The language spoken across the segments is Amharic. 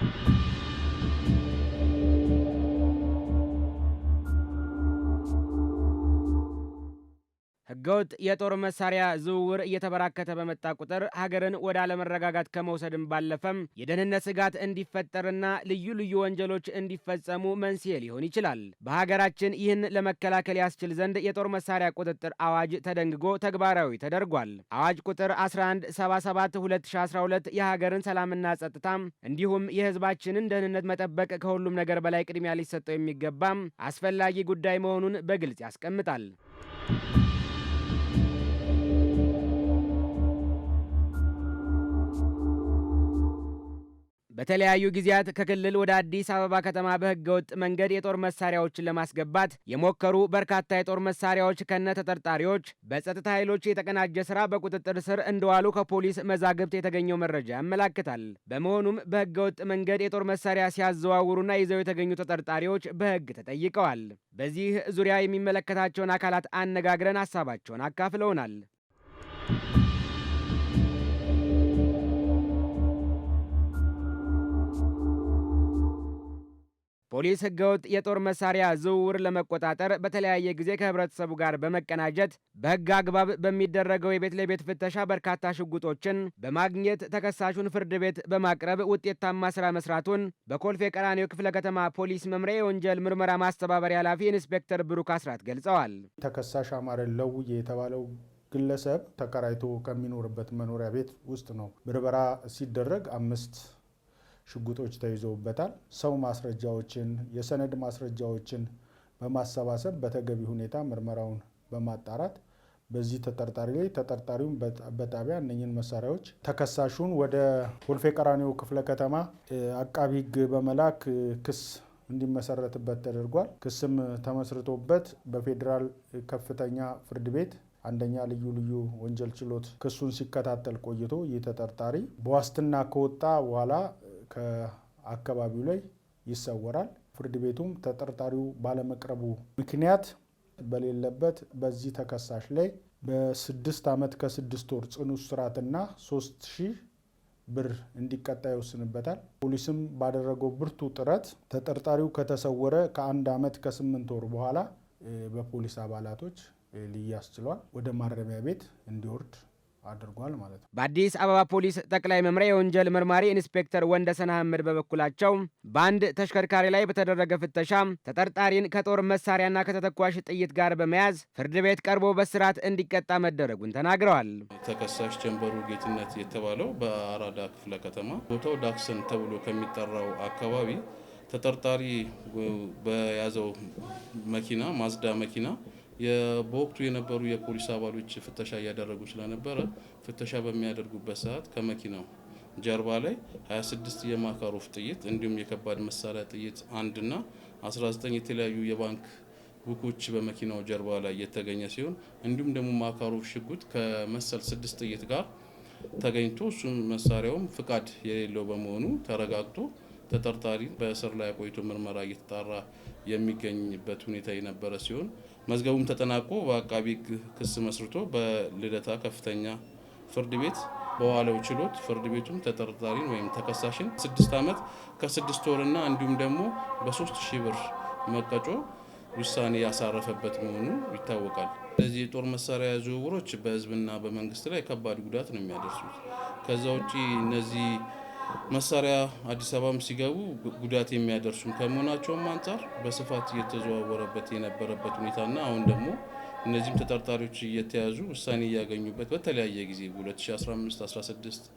thank you ህገወጥ የጦር መሳሪያ ዝውውር እየተበራከተ በመጣ ቁጥር ሀገርን ወደ አለመረጋጋት ከመውሰድም ባለፈም የደህንነት ስጋት እንዲፈጠርና ልዩ ልዩ ወንጀሎች እንዲፈጸሙ መንስኤ ሊሆን ይችላል። በሀገራችን ይህን ለመከላከል ያስችል ዘንድ የጦር መሳሪያ ቁጥጥር አዋጅ ተደንግጎ ተግባራዊ ተደርጓል። አዋጅ ቁጥር 1177/2012 የሀገርን ሰላምና ጸጥታ እንዲሁም የህዝባችንን ደህንነት መጠበቅ ከሁሉም ነገር በላይ ቅድሚያ ሊሰጠው የሚገባም አስፈላጊ ጉዳይ መሆኑን በግልጽ ያስቀምጣል። በተለያዩ ጊዜያት ከክልል ወደ አዲስ አበባ ከተማ በህገወጥ መንገድ የጦር መሳሪያዎችን ለማስገባት የሞከሩ በርካታ የጦር መሳሪያዎች ከነ ተጠርጣሪዎች በጸጥታ ኃይሎች የተቀናጀ ስራ በቁጥጥር ስር እንደዋሉ ከፖሊስ መዛግብት የተገኘው መረጃ ያመላክታል። በመሆኑም በህገወጥ መንገድ የጦር መሳሪያ ሲያዘዋውሩና ይዘው የተገኙ ተጠርጣሪዎች በህግ ተጠይቀዋል። በዚህ ዙሪያ የሚመለከታቸውን አካላት አነጋግረን ሀሳባቸውን አካፍለውናል። ፖሊስ ህገወጥ የጦር መሳሪያ ዝውውር ለመቆጣጠር በተለያየ ጊዜ ከህብረተሰቡ ጋር በመቀናጀት በህግ አግባብ በሚደረገው የቤት ለቤት ፍተሻ በርካታ ሽጉጦችን በማግኘት ተከሳሹን ፍርድ ቤት በማቅረብ ውጤታማ ስራ መስራቱን በኮልፌ ቀራኒዮ ክፍለ ከተማ ፖሊስ መምሪያ የወንጀል ምርመራ ማስተባበሪያ ኃላፊ ኢንስፔክተር ብሩክ አስራት ገልጸዋል። ተከሳሽ አማረ ለውዬ የተባለው ግለሰብ ተከራይቶ ከሚኖርበት መኖሪያ ቤት ውስጥ ነው ምርመራ ሲደረግ አምስት ሽጉጦች ተይዘውበታል። ሰው ማስረጃዎችን፣ የሰነድ ማስረጃዎችን በማሰባሰብ በተገቢ ሁኔታ ምርመራውን በማጣራት በዚህ ተጠርጣሪ ላይ ተጠርጣሪውን በጣቢያ እነኝን መሳሪያዎች ተከሳሹን ወደ ኮልፌ ቀራኒዮ ክፍለ ከተማ አቃቢ ሕግ በመላክ ክስ እንዲመሰረትበት ተደርጓል። ክስም ተመስርቶበት በፌዴራል ከፍተኛ ፍርድ ቤት አንደኛ ልዩ ልዩ ወንጀል ችሎት ክሱን ሲከታተል ቆይቶ ይህ ተጠርጣሪ በዋስትና ከወጣ በኋላ ከአካባቢው ላይ ይሰወራል። ፍርድ ቤቱም ተጠርጣሪው ባለመቅረቡ ምክንያት በሌለበት በዚህ ተከሳሽ ላይ በስድስት ዓመት ከስድስት ወር ጽኑ እስራትና ሶስት ሺህ ብር እንዲቀጣ ይወስንበታል። ፖሊስም ባደረገው ብርቱ ጥረት ተጠርጣሪው ከተሰወረ ከአንድ ዓመት ከስምንት ወር በኋላ በፖሊስ አባላቶች ሊያስችሏል ወደ ማረሚያ ቤት እንዲወርድ አድርጓል ማለት ነው። በአዲስ አበባ ፖሊስ ጠቅላይ መምሪያ የወንጀል መርማሪ ኢንስፔክተር ወንደሰን አህመድ በበኩላቸው በአንድ ተሽከርካሪ ላይ በተደረገ ፍተሻ ተጠርጣሪን ከጦር መሳሪያና ከተተኳሽ ጥይት ጋር በመያዝ ፍርድ ቤት ቀርቦ በስርዓት እንዲቀጣ መደረጉን ተናግረዋል። ተከሳሽ ጀንበሩ ጌትነት የተባለው በአራዳ ክፍለ ከተማ ቦታው ዳክሰን ተብሎ ከሚጠራው አካባቢ ተጠርጣሪ በያዘው መኪና ማዝዳ መኪና በወቅቱ የነበሩ የፖሊስ አባሎች ፍተሻ እያደረጉ ስለነበረ ፍተሻ በሚያደርጉበት ሰዓት ከመኪናው ጀርባ ላይ 26 የማካሮፍ ጥይት እንዲሁም የከባድ መሳሪያ ጥይት አንድና 19 የተለያዩ የባንክ ቡኮች በመኪናው ጀርባ ላይ የተገኘ ሲሆን እንዲሁም ደግሞ ማካሮፍ ሽጉጥ ከመሰል ስድስት ጥይት ጋር ተገኝቶ እሱም መሳሪያውም ፍቃድ የሌለው በመሆኑ ተረጋግጦ ተጠርጣሪ በእስር ላይ ቆይቶ ምርመራ እየተጣራ የሚገኝበት ሁኔታ የነበረ ሲሆን መዝገቡም ተጠናቆ በአቃቢ ክስ መስርቶ በልደታ ከፍተኛ ፍርድ ቤት በዋለው ችሎት ፍርድ ቤቱም ተጠርጣሪን ወይም ተከሳሽን ስድስት ዓመት ከስድስት ወርና እንዲሁም ደግሞ በሶስት ሺህ ብር መቀጮ ውሳኔ ያሳረፈበት መሆኑ ይታወቃል። ስለዚህ የጦር መሳሪያ ዝውውሮች በህዝብና በመንግስት ላይ ከባድ ጉዳት ነው የሚያደርሱት። ከዛ ውጪ እነዚህ መሳሪያ አዲስ አበባም ሲገቡ ጉዳት የሚያደርሱም ከመሆናቸውም አንጻር በስፋት እየተዘዋወረበት የነበረበት ሁኔታና አሁን ደግሞ እነዚህም ተጠርጣሪዎች እየተያዙ ውሳኔ እያገኙበት በተለያየ ጊዜ በ2015 16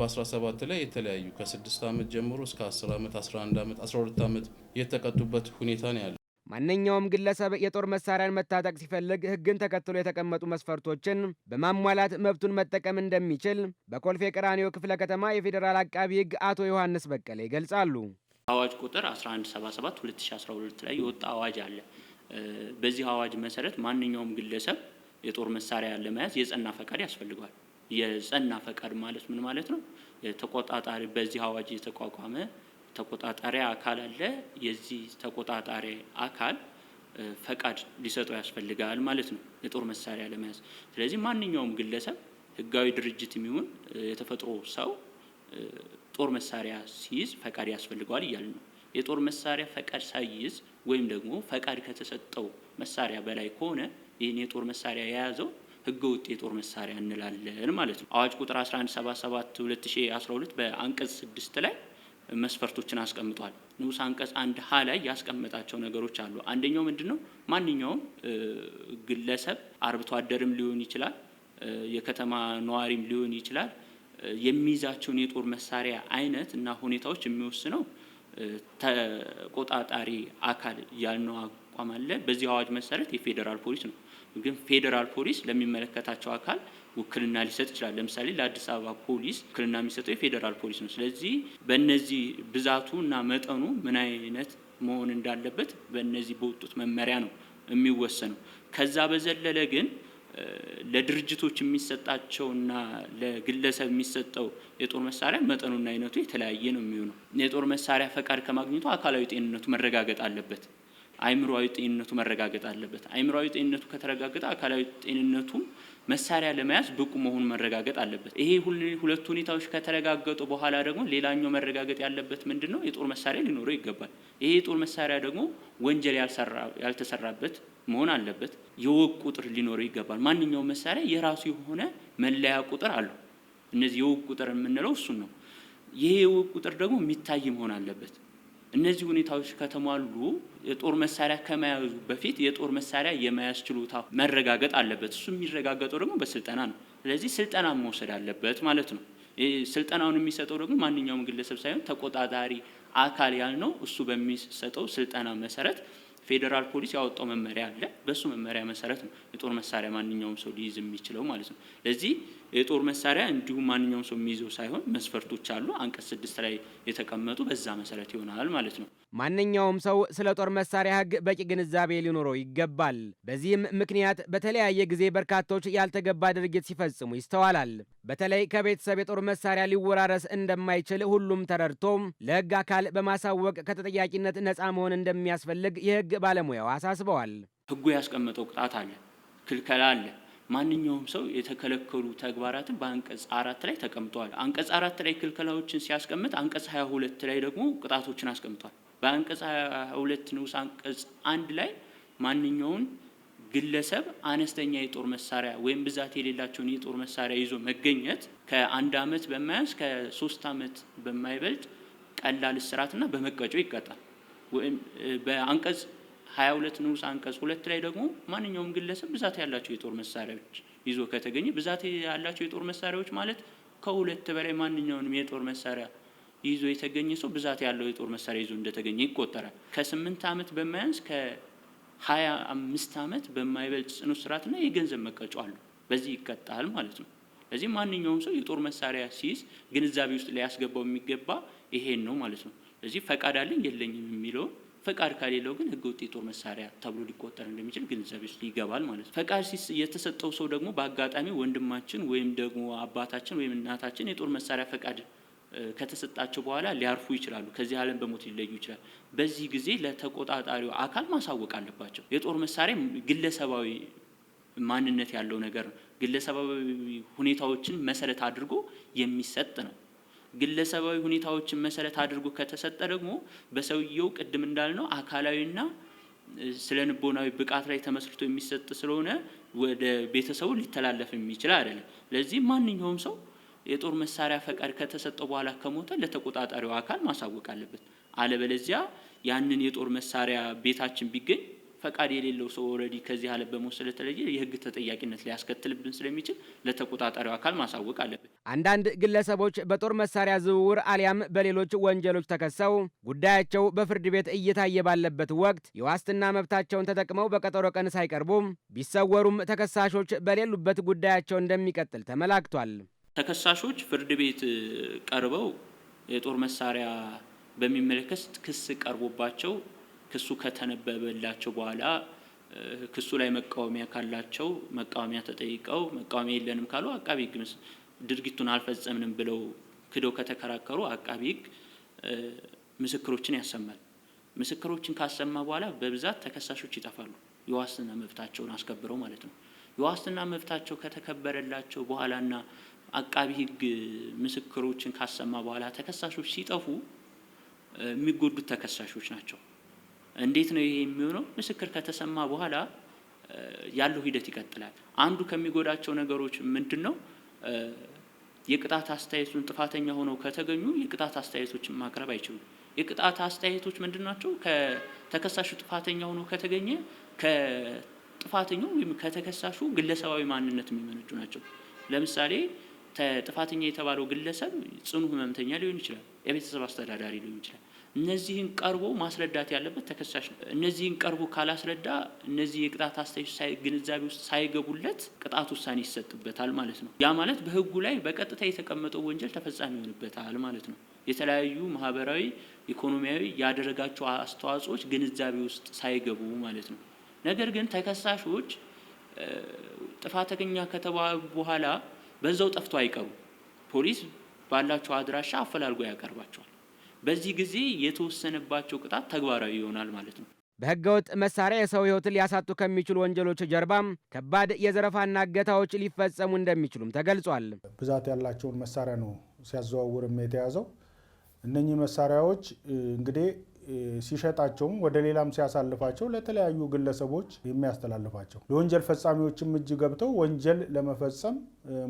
በ17 ላይ የተለያዩ ከ6 ዓመት ጀምሮ እስከ 10 ዓመት 11 ዓመት 12 ዓመት የተቀጡበት ሁኔታ ነው ያለው። ማንኛውም ግለሰብ የጦር መሳሪያን መታጠቅ ሲፈልግ ሕግን ተከትሎ የተቀመጡ መስፈርቶችን በማሟላት መብቱን መጠቀም እንደሚችል በኮልፌ ቀራኒዮ ክፍለ ከተማ የፌዴራል አቃቢ ሕግ አቶ ዮሐንስ በቀለ ይገልጻሉ። አዋጅ ቁጥር 1177 2012 ላይ የወጣ አዋጅ አለ። በዚህ አዋጅ መሰረት ማንኛውም ግለሰብ የጦር መሳሪያ ለመያዝ የጸና ፈቃድ ያስፈልገዋል። የጸና ፈቃድ ማለት ምን ማለት ነው? ተቆጣጣሪ በዚህ አዋጅ የተቋቋመ ተቆጣጣሪ አካል አለ። የዚህ ተቆጣጣሪ አካል ፈቃድ ሊሰጠው ያስፈልጋል ማለት ነው የጦር መሳሪያ ለመያዝ። ስለዚህ ማንኛውም ግለሰብ ህጋዊ ድርጅት የሚሆን የተፈጥሮ ሰው ጦር መሳሪያ ሲይዝ ፈቃድ ያስፈልገዋል እያል ነው። የጦር መሳሪያ ፈቃድ ሳይይዝ ወይም ደግሞ ፈቃድ ከተሰጠው መሳሪያ በላይ ከሆነ ይህን የጦር መሳሪያ የያዘው ህገ ወጥ የጦር መሳሪያ እንላለን ማለት ነው። አዋጅ ቁጥር 1177 2012 በአንቀጽ 6 ላይ መስፈርቶችን አስቀምጧል። ንዑስ አንቀጽ አንድ ሀ ላይ ያስቀመጣቸው ነገሮች አሉ። አንደኛው ምንድን ነው? ማንኛውም ግለሰብ አርብቶ አደርም ሊሆን ይችላል፣ የከተማ ነዋሪም ሊሆን ይችላል። የሚይዛቸውን የጦር መሳሪያ አይነት እና ሁኔታዎች የሚወስነው ተቆጣጣሪ አካል ያልነው አቋም አለ። በዚህ አዋጅ መሰረት የፌዴራል ፖሊስ ነው። ግን ፌዴራል ፖሊስ ለሚመለከታቸው አካል ውክልና ሊሰጥ ይችላል። ለምሳሌ ለአዲስ አበባ ፖሊስ ውክልና የሚሰጠው የፌዴራል ፖሊስ ነው። ስለዚህ በእነዚህ ብዛቱ እና መጠኑ ምን አይነት መሆን እንዳለበት በእነዚህ በወጡት መመሪያ ነው የሚወሰነው። ከዛ በዘለለ ግን ለድርጅቶች የሚሰጣቸውና ለግለሰብ የሚሰጠው የጦር መሳሪያ መጠኑና አይነቱ የተለያየ ነው የሚሆነው። የጦር መሳሪያ ፈቃድ ከማግኘቱ አካላዊ ጤንነቱ መረጋገጥ አለበት። አይምሮዊ ጤንነቱ መረጋገጥ አለበት። አይምሮዊ ጤንነቱ ከተረጋገጠ አካላዊ ጤንነቱም መሳሪያ ለመያዝ ብቁ መሆኑ መረጋገጥ አለበት። ይሄ ሁለቱ ሁኔታዎች ከተረጋገጡ በኋላ ደግሞ ሌላኛው መረጋገጥ ያለበት ምንድን ነው? የጦር መሳሪያ ሊኖረው ይገባል። ይሄ የጦር መሳሪያ ደግሞ ወንጀል ያልተሰራበት መሆን አለበት። የወቅ ቁጥር ሊኖረው ይገባል። ማንኛውም መሳሪያ የራሱ የሆነ መለያ ቁጥር አለው። እነዚህ የወቅ ቁጥር የምንለው እሱን ነው። ይሄ የወቅ ቁጥር ደግሞ የሚታይ መሆን አለበት። እነዚህ ሁኔታዎች ከተሟሉ የጦር መሳሪያ ከመያዙ በፊት የጦር መሳሪያ የመያዝ ችሎታ መረጋገጥ አለበት። እሱ የሚረጋገጠው ደግሞ በስልጠና ነው። ስለዚህ ስልጠና መውሰድ አለበት ማለት ነው። ስልጠናውን የሚሰጠው ደግሞ ማንኛውም ግለሰብ ሳይሆን ተቆጣጣሪ አካል ያልነው እሱ በሚሰጠው ስልጠና መሰረት ፌዴራል ፖሊስ ያወጣው መመሪያ አለ። በሱ መመሪያ መሰረት ነው የጦር መሳሪያ ማንኛውም ሰው ሊይዝ የሚችለው ማለት ነው። ለዚህ የጦር መሳሪያ እንዲሁም ማንኛውም ሰው የሚይዘው ሳይሆን መስፈርቶች አሉ፣ አንቀጽ ስድስት ላይ የተቀመጡ በዛ መሰረት ይሆናል ማለት ነው። ማንኛውም ሰው ስለ ጦር መሳሪያ ሕግ በቂ ግንዛቤ ሊኖረው ይገባል። በዚህም ምክንያት በተለያየ ጊዜ በርካቶች ያልተገባ ድርጊት ሲፈጽሙ ይስተዋላል። በተለይ ከቤተሰብ የጦር መሳሪያ ሊወራረስ እንደማይችል ሁሉም ተረድቶ ለሕግ አካል በማሳወቅ ከተጠያቂነት ነፃ መሆን እንደሚያስፈልግ የሕግ ባለሙያው አሳስበዋል። ሕጉ ያስቀመጠው ቅጣት አለ፣ ክልከላ አለ። ማንኛውም ሰው የተከለከሉ ተግባራትን በአንቀጽ አራት ላይ ተቀምጠዋል። አንቀጽ አራት ላይ ክልከላዎችን ሲያስቀምጥ አንቀጽ ሀያ ሁለት ላይ ደግሞ ቅጣቶችን አስቀምጧል። በአንቀጽ 22 ንዑስ አንቀጽ አንድ ላይ ማንኛውን ግለሰብ አነስተኛ የጦር መሳሪያ ወይም ብዛት የሌላቸውን የጦር መሳሪያ ይዞ መገኘት ከአንድ ዓመት በማያንስ ከሶስት ዓመት በማይበልጥ ቀላል እስራትና በመቀጮ ይቀጣል። ወይም በአንቀጽ 22 ንዑስ አንቀጽ ሁለት ላይ ደግሞ ማንኛውም ግለሰብ ብዛት ያላቸው የጦር መሳሪያዎች ይዞ ከተገኘ ብዛት ያላቸው የጦር መሳሪያዎች ማለት ከሁለት በላይ ማንኛውንም የጦር መሳሪያ ይዞ የተገኘ ሰው ብዛት ያለው የጦር መሳሪያ ይዞ እንደተገኘ ይቆጠራል። ከስምንት ዓመት በማያንስ ከሀያ አምስት ዓመት በማይበልጥ ጽኑ እስራትና የገንዘብ መቀጮ አሉ። በዚህ ይቀጣል ማለት ነው። ስለዚህ ማንኛውም ሰው የጦር መሳሪያ ሲይዝ ግንዛቤ ውስጥ ሊያስገባው የሚገባ ይሄን ነው ማለት ነው። ስለዚህ ፈቃድ አለኝ የለኝም የሚለው ፈቃድ ከሌለው ግን ህገ ወጥ የጦር መሳሪያ ተብሎ ሊቆጠር እንደሚችል ግንዛቤ ውስጥ ይገባል ማለት ነው። ፈቃድ የተሰጠው ሰው ደግሞ በአጋጣሚ ወንድማችን ወይም ደግሞ አባታችን ወይም እናታችን የጦር መሳሪያ ፈቃድ ከተሰጣቸው በኋላ ሊያርፉ ይችላሉ። ከዚህ ዓለም በሞት ሊለዩ ይችላል። በዚህ ጊዜ ለተቆጣጣሪው አካል ማሳወቅ አለባቸው። የጦር መሳሪያ ግለሰባዊ ማንነት ያለው ነገር ነው። ግለሰባዊ ሁኔታዎችን መሰረት አድርጎ የሚሰጥ ነው። ግለሰባዊ ሁኔታዎችን መሰረት አድርጎ ከተሰጠ ደግሞ በሰውየው ቅድም እንዳልነው አካላዊና ስለንቦናዊ ብቃት ላይ ተመስርቶ የሚሰጥ ስለሆነ ወደ ቤተሰቡ ሊተላለፍ የሚችል አይደለም። ለዚህ ማንኛውም ሰው የጦር መሳሪያ ፈቃድ ከተሰጠው በኋላ ከሞተ ለተቆጣጣሪው አካል ማሳወቅ አለበት። አለበለዚያ ያንን የጦር መሳሪያ ቤታችን ቢገኝ ፈቃድ የሌለው ሰው ኦልሬዲ ከዚህ ዓለም በሞት ስለተለየ የሕግ ተጠያቂነት ሊያስከትልብን ስለሚችል ለተቆጣጣሪው አካል ማሳወቅ አለብን። አንዳንድ ግለሰቦች በጦር መሳሪያ ዝውውር አሊያም በሌሎች ወንጀሎች ተከሰው ጉዳያቸው በፍርድ ቤት እየታየ ባለበት ወቅት የዋስትና መብታቸውን ተጠቅመው በቀጠሮ ቀን ሳይቀርቡ ቢሰወሩም ተከሳሾች በሌሉበት ጉዳያቸው እንደሚቀጥል ተመላክቷል። ተከሳሾች ፍርድ ቤት ቀርበው የጦር መሳሪያ በሚመለከት ክስ ቀርቦባቸው ክሱ ከተነበበላቸው በኋላ ክሱ ላይ መቃወሚያ ካላቸው መቃወሚያ ተጠይቀው መቃወሚያ የለንም ካሉ አቃቢ ሕግ ድርጊቱን አልፈጸምንም ብለው ክደው ከተከራከሩ አቃቢ ሕግ ምስክሮችን ያሰማል። ምስክሮችን ካሰማ በኋላ በብዛት ተከሳሾች ይጠፋሉ፣ የዋስትና መብታቸውን አስከብረው ማለት ነው። የዋስትና መብታቸው ከተከበረላቸው በኋላና አቃቢ ህግ ምስክሮችን ካሰማ በኋላ ተከሳሾች ሲጠፉ የሚጎዱት ተከሳሾች ናቸው። እንዴት ነው ይሄ የሚሆነው? ምስክር ከተሰማ በኋላ ያለው ሂደት ይቀጥላል። አንዱ ከሚጎዳቸው ነገሮች ምንድን ነው? የቅጣት አስተያየቱን ጥፋተኛ ሆነው ከተገኙ የቅጣት አስተያየቶችን ማቅረብ አይችሉም። የቅጣት አስተያየቶች ምንድን ናቸው? ከተከሳሹ ጥፋተኛ ሆኖ ከተገኘ ከጥፋተኛው ወይም ከተከሳሹ ግለሰባዊ ማንነት የሚመነጩ ናቸው። ለምሳሌ ጥፋተኛ የተባለው ግለሰብ ጽኑ ህመምተኛ ሊሆን ይችላል፣ የቤተሰብ አስተዳዳሪ ሊሆን ይችላል። እነዚህን ቀርቦ ማስረዳት ያለበት ተከሳሽ ነው። እነዚህን ቀርቦ ካላስረዳ እነዚህ የቅጣት አስተያየቶች ግንዛቤ ውስጥ ሳይገቡለት ቅጣት ውሳኔ ይሰጥበታል ማለት ነው። ያ ማለት በህጉ ላይ በቀጥታ የተቀመጠው ወንጀል ተፈጻሚ ይሆንበታል ማለት ነው። የተለያዩ ማህበራዊ፣ ኢኮኖሚያዊ ያደረጋቸው አስተዋጽኦዎች ግንዛቤ ውስጥ ሳይገቡ ማለት ነው። ነገር ግን ተከሳሾች ጥፋተኛ ከተባሉ በኋላ በዛው ጠፍቶ አይቀሩ። ፖሊስ ባላቸው አድራሻ አፈላልጎ ያቀርባቸዋል። በዚህ ጊዜ የተወሰነባቸው ቅጣት ተግባራዊ ይሆናል ማለት ነው። በህገወጥ መሳሪያ የሰው ህይወትን ሊያሳጡ ከሚችሉ ወንጀሎች ጀርባም ከባድ የዘረፋና እገታዎች ሊፈጸሙ እንደሚችሉም ተገልጿል። ብዛት ያላቸውን መሳሪያ ነው ሲያዘዋውርም የተያዘው። እነኚህ መሳሪያዎች እንግዲህ ሲሸጣቸውም ወደ ሌላም ሲያሳልፋቸው ለተለያዩ ግለሰቦች የሚያስተላልፋቸው ለወንጀል ፈጻሚዎችም እጅ ገብተው ወንጀል ለመፈጸም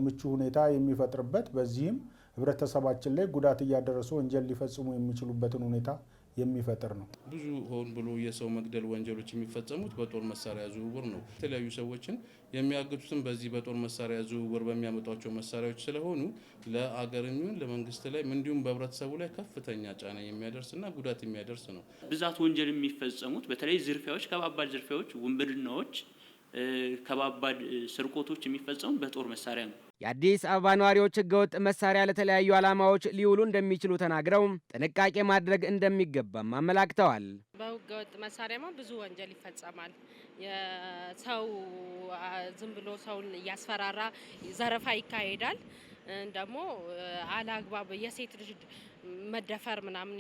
ምቹ ሁኔታ የሚፈጥርበት በዚህም ህብረተሰባችን ላይ ጉዳት እያደረሱ ወንጀል ሊፈጽሙ የሚችሉበትን ሁኔታ የሚፈጥር ነው። ብዙ ሆን ብሎ የሰው መግደል ወንጀሎች የሚፈጸሙት በጦር መሳሪያ ዝውውር ነው። የተለያዩ ሰዎችን የሚያግቱትም በዚህ በጦር መሳሪያ ዝውውር በሚያመጧቸው መሳሪያዎች ስለሆኑ ለአገር የሚሆን ለመንግስት ላይ እንዲሁም በህብረተሰቡ ላይ ከፍተኛ ጫና የሚያደርስና ጉዳት የሚያደርስ ነው። ብዛት ወንጀል የሚፈጸሙት በተለይ ዝርፊያዎች፣ ከባባድ ዝርፊያዎች፣ ውንብድናዎች ከባባድ ስርቆቶች የሚፈጸሙ በጦር መሳሪያ ነው። የአዲስ አበባ ነዋሪዎች ህገወጥ መሳሪያ ለተለያዩ ዓላማዎች ሊውሉ እንደሚችሉ ተናግረው ጥንቃቄ ማድረግ እንደሚገባም አመላክተዋል። በህገወጥ መሳሪያማ ብዙ ወንጀል ይፈጸማል። ሰው ዝም ብሎ ሰውን እያስፈራራ ዘረፋ ይካሄዳል። ደግሞ አላግባብ የሴት ልጅ መደፈር ምናምን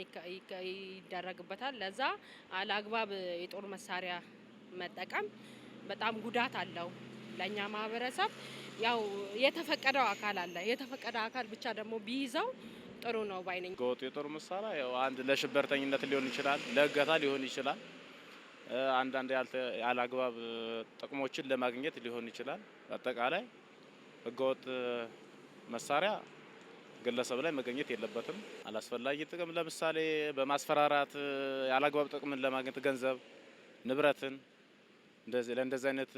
ይደረግበታል። ለዛ አላግባብ የጦር መሳሪያ መጠቀም በጣም ጉዳት አለው ለእኛ ማህበረሰብ። ያው የተፈቀደው አካል አለ። የተፈቀደው አካል ብቻ ደግሞ ቢይዘው ጥሩ ነው ባይነኝ። ህገወጥ የጦር መሳሪያ ያው አንድ ለሽበርተኝነት ሊሆን ይችላል፣ ለእገታ ሊሆን ይችላል፣ አንዳንድ ያላግባብ ጥቅሞችን ለማግኘት ሊሆን ይችላል። አጠቃላይ ህገወጥ መሳሪያ ግለሰብ ላይ መገኘት የለበትም። አላስፈላጊ ጥቅም ለምሳሌ በማስፈራራት ያላግባብ ጥቅምን ለማግኘት ገንዘብ ንብረትን ለእንደዚህ አይነት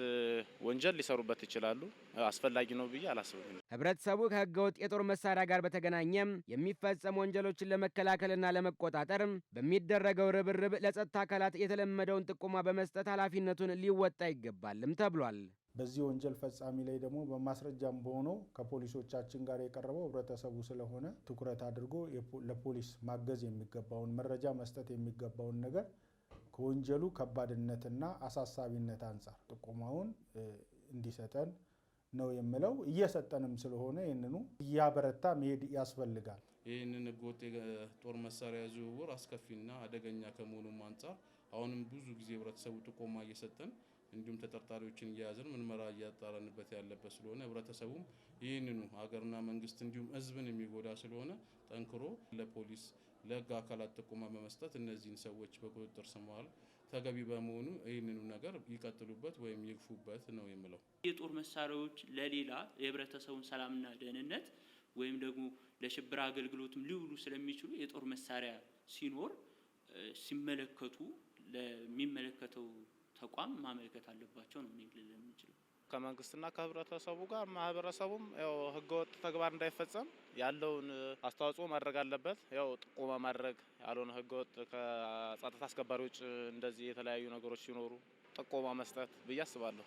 ወንጀል ሊሰሩበት ይችላሉ። አስፈላጊ ነው ብዬ አላስብም። ህብረተሰቡ ከህገወጥ የጦር መሳሪያ ጋር በተገናኘም የሚፈጸሙ ወንጀሎችን ለመከላከልና ለመቆጣጠር በሚደረገው ርብርብ ለጸጥታ አካላት የተለመደውን ጥቆማ በመስጠት ኃላፊነቱን ሊወጣ ይገባልም ተብሏል። በዚህ ወንጀል ፈጻሚ ላይ ደግሞ በማስረጃም በሆነው ከፖሊሶቻችን ጋር የቀረበው ህብረተሰቡ ስለሆነ ትኩረት አድርጎ ለፖሊስ ማገዝ የሚገባውን መረጃ መስጠት የሚገባውን ነገር ከወንጀሉ ከባድነትና አሳሳቢነት አንጻር ጥቆማውን እንዲሰጠን ነው የምለው። እየሰጠንም ስለሆነ ይህንኑ እያበረታ መሄድ ያስፈልጋል። ይህንን ህገወጥ የጦር መሳሪያ ዝውውር አስከፊና አደገኛ ከመሆኑም አንጻር አሁንም ብዙ ጊዜ ህብረተሰቡ ጥቆማ እየሰጠን እንዲሁም ተጠርጣሪዎችን እየያዝን ምርመራ እያጣረንበት ያለበት ስለሆነ ህብረተሰቡም ይህንኑ ሀገርና መንግስት እንዲሁም ህዝብን የሚጎዳ ስለሆነ ጠንክሮ ለፖሊስ ለህግ አካላት ጥቆማ በመስጠት እነዚህን ሰዎች በቁጥጥር ስር መዋል ተገቢ በመሆኑ ይህንኑ ነገር ይቀጥሉበት ወይም ይግፉበት ነው የምለው። የጦር መሳሪያዎች ለሌላ የህብረተሰቡን ሰላምና ደህንነት ወይም ደግሞ ለሽብር አገልግሎትም ሊውሉ ስለሚችሉ የጦር መሳሪያ ሲኖር ሲመለከቱ ለሚመለከተው ተቋም ማመልከት አለባቸው ነው ልል የምችለው። ከመንግስትና ከህብረተሰቡ ጋር ማህበረሰቡም ያው ህገወጥ ተግባር እንዳይፈጸም ያለውን አስተዋጽኦ ማድረግ አለበት። ያው ጥቆማ ማድረግ ያልሆነ ህገወጥ ከጸጥታ አስከባሪ ውጭ እንደዚህ የተለያዩ ነገሮች ሲኖሩ ጥቆማ መስጠት ብዬ አስባለሁ።